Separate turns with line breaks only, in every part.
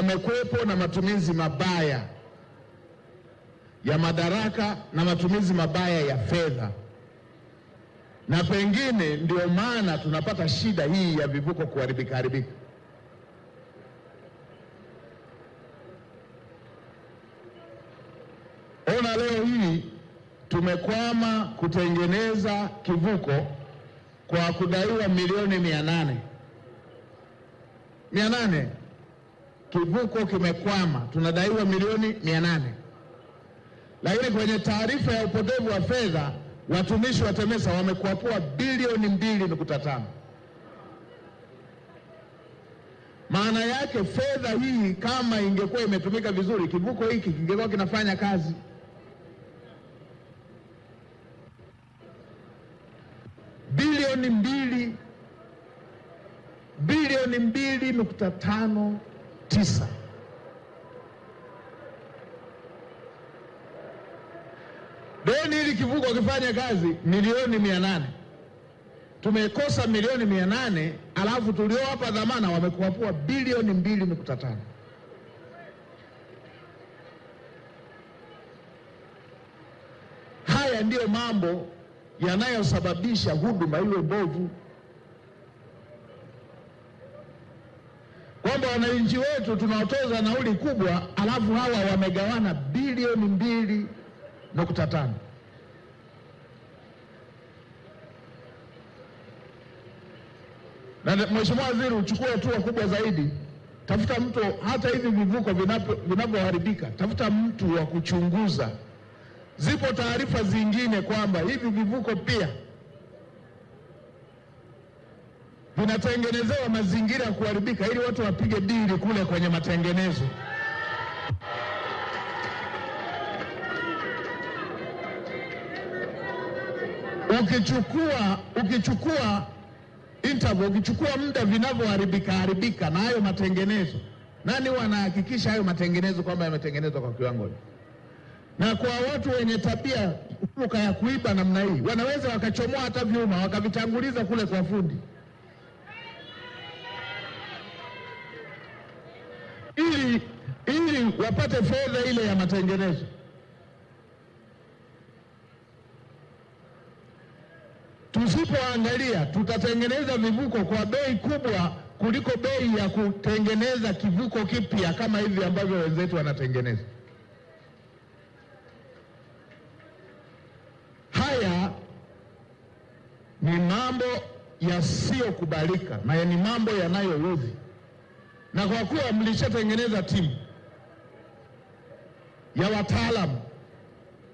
pamekuwepo na matumizi mabaya ya madaraka na matumizi mabaya ya fedha, na pengine ndio maana tunapata shida hii ya vivuko kuharibika haribika. Ona leo hii tumekwama kutengeneza kivuko kwa kudaiwa milioni mia nane mia nane kivuko kimekwama, tunadaiwa milioni mia nane. Lakini kwenye taarifa ya upotevu wa fedha watumishi wa TEMESA wamekuapua bilioni mbili nukta tano. Maana yake fedha hii kama ingekuwa imetumika vizuri, kivuko hiki kingekuwa kinafanya kazi. Bilioni mbili bilioni mbili nukta tano tisa deni hili kivuko wakifanya kazi milioni mia nane tumekosa milioni mia nane alafu tuliowapa dhamana wamekuapua bilioni mbili nukta tano haya ndiyo mambo yanayosababisha huduma iwe mbovu wananchi wetu tunaotoza nauli kubwa, alafu hawa wamegawana bilioni mbili nukta tano. Na Mheshimiwa Waziri, uchukue hatua kubwa zaidi, tafuta mtu, hata hivi vivuko vinavyoharibika, tafuta mtu wa kuchunguza. Zipo taarifa zingine kwamba hivi vivuko pia vinatengenezewa mazingira ya kuharibika ili watu wapige dili kule kwenye matengenezo. Ukichukua ukichukua interval, ukichukua muda vinavyoharibika haribika na hayo matengenezo, nani wanahakikisha hayo matengenezo kwamba yametengenezwa kwa kiwango Na kwa watu wenye tabia uka ya kuiba namna hii, wanaweza wakachomoa hata vyuma wakavitanguliza kule kwa fundi. ili ili wapate fedha ile ya matengenezo. Tusipoangalia tutatengeneza vivuko kwa bei kubwa kuliko bei ya kutengeneza kivuko kipya kama hivi ambavyo wenzetu wanatengeneza. Haya ni mambo yasiyokubalika na ni mambo yanayoudhi na kwa kuwa mlishatengeneza timu ya wataalamu,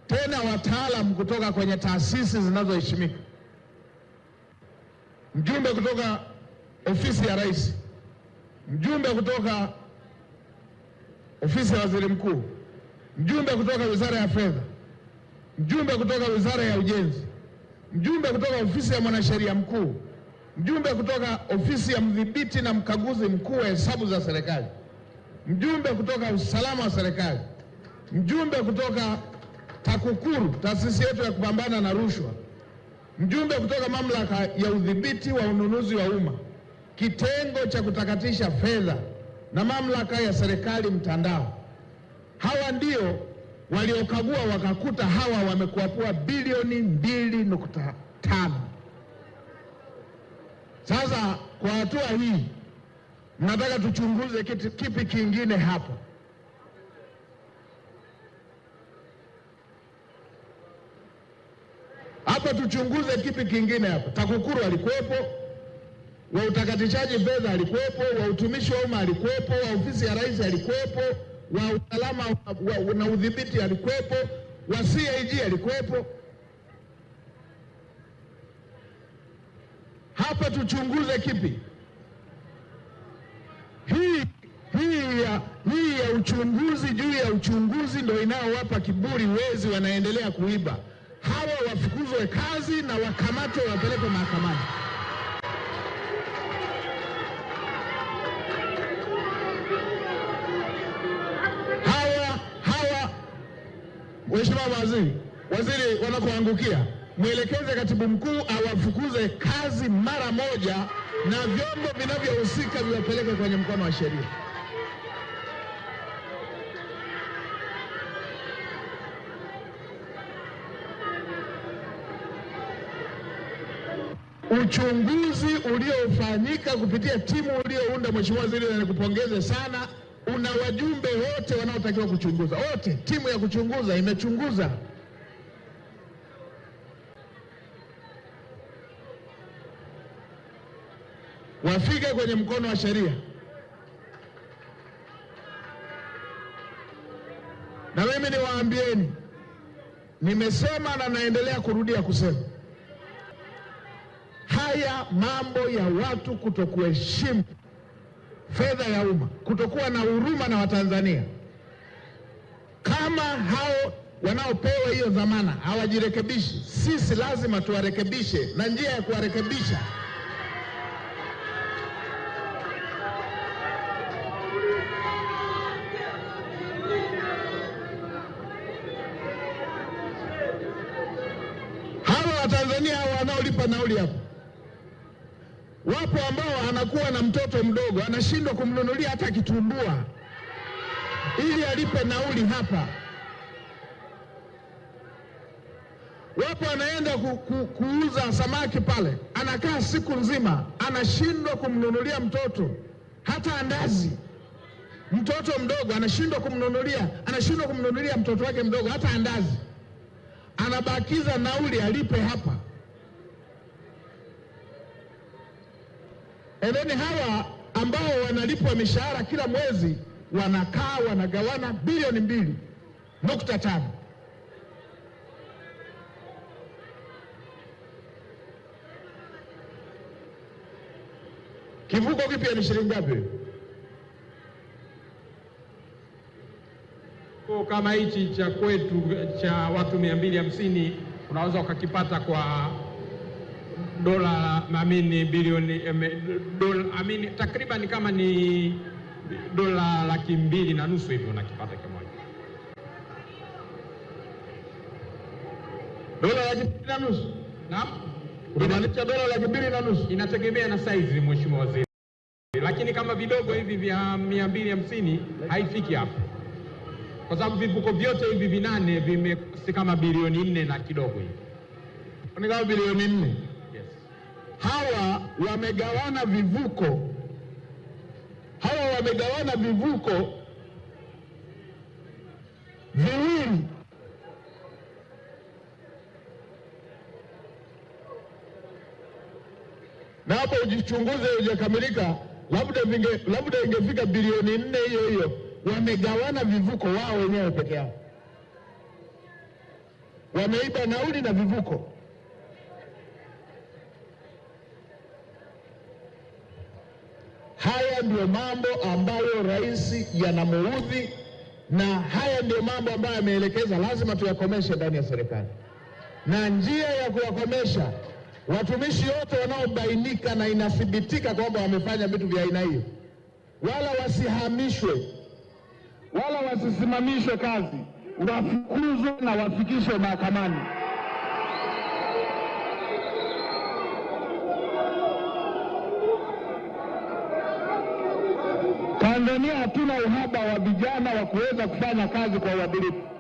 tena wataalamu kutoka kwenye taasisi zinazoheshimika, mjumbe kutoka ofisi ya rais, mjumbe kutoka ofisi ya waziri mkuu, mjumbe kutoka wizara ya fedha, mjumbe kutoka wizara ya ujenzi, mjumbe kutoka ofisi ya mwanasheria mkuu mjumbe kutoka ofisi ya mdhibiti na mkaguzi mkuu wa hesabu za serikali, mjumbe kutoka usalama wa serikali, mjumbe kutoka TAKUKURU, taasisi yetu ya kupambana na rushwa, mjumbe kutoka mamlaka ya udhibiti wa ununuzi wa umma, kitengo cha kutakatisha fedha na mamlaka ya serikali mtandao. Hawa ndio waliokagua wakakuta hawa wamekuapua bilioni mbili nukta tano. Sasa kwa hatua hii nataka tuchunguze kitu kipi kingine hapo? Hapa tuchunguze kipi kingine hapo? TAKUKURU alikuwepo, wa utakatishaji fedha alikuwepo, wa utumishi wa umma alikuwepo, wa ofisi ya rais alikuwepo, wa usalama na udhibiti alikuwepo, wa CAG alikuwepo. hapa tuchunguze kipi? Hii, hii, ya, hii ya uchunguzi juu ya uchunguzi ndio inayowapa kiburi wezi, wanaendelea kuiba. Hawa wafukuzwe kazi na wakamatwe, wapelekwe mahakamani. Hawa hawa, Mheshimiwa Waziri, waziri wanakuangukia mwelekeze katibu mkuu awafukuze kazi mara moja na vyombo vinavyohusika viwapeleke kwenye mkono wa sheria. Uchunguzi uliofanyika kupitia timu uliounda, Mheshimiwa Waziri, na nikupongeze sana, una wajumbe wote wanaotakiwa kuchunguza, wote timu ya kuchunguza imechunguza. wafike kwenye mkono wa sheria. Na mimi niwaambieni, nimesema na naendelea kurudia kusema haya mambo ya watu kutokuheshimu fedha ya umma, kutokuwa na huruma na Watanzania. Kama hao wanaopewa hiyo dhamana hawajirekebishi, sisi lazima tuwarekebishe, na njia ya kuwarekebisha Watanzania hawa wanaolipa nauli hapa, wapo ambao anakuwa na mtoto mdogo anashindwa kumnunulia hata kitumbua ili alipe nauli hapa. Wapo anaenda ku, ku, kuuza samaki pale, anakaa siku nzima, anashindwa kumnunulia mtoto hata andazi. Mtoto mdogo anashindwa kumnunulia, anashindwa kumnunulia mtoto wake mdogo hata andazi anabakiza nauli alipe hapa. Eleni hawa ambao wanalipwa mishahara kila mwezi wanakaa wanagawana bilioni mbili nukta tano. Kivuko kipya ni shilingi ngapi?
Kituo kama hichi cha kwetu cha watu 250 unaweza ukakipata kwa dola amini bilioni dola amini takriban kama ni dola laki mbili na nusu hivi unakipata kimoja, dola laki mbili na nusu. Naam, unamaanisha dola laki mbili na nusu, inategemea na saizi, mheshimiwa waziri, lakini kama vidogo hivi vya mia mbili hamsini haifiki hapo kwa sababu vivuko vyote hivi vinane vimekosti kama bilioni nne na kidogo hivi, kama bilioni nne. Yes.
Hawa wamegawana vivuko, hawa wamegawana vivuko viwili na hapo ujichunguze, hujakamilika. Labda ingefika bilioni nne hiyo hiyo wamegawana vivuko wao wenyewe peke yao, wameiba nauli na vivuko. Haya ndiyo mambo ambayo rais yanamuudhi, na haya ndiyo mambo ambayo ameelekeza lazima tuyakomeshe ndani ya serikali, na njia ya kuyakomesha watumishi wote wanaobainika na inathibitika kwamba wamefanya vitu vya aina hiyo, wala wasihamishwe wala wasisimamishwe kazi, wafukuzwe na wafikishwe mahakamani. Tanzania hatuna uhaba wa vijana wa kuweza kufanya kazi kwa uadilifu.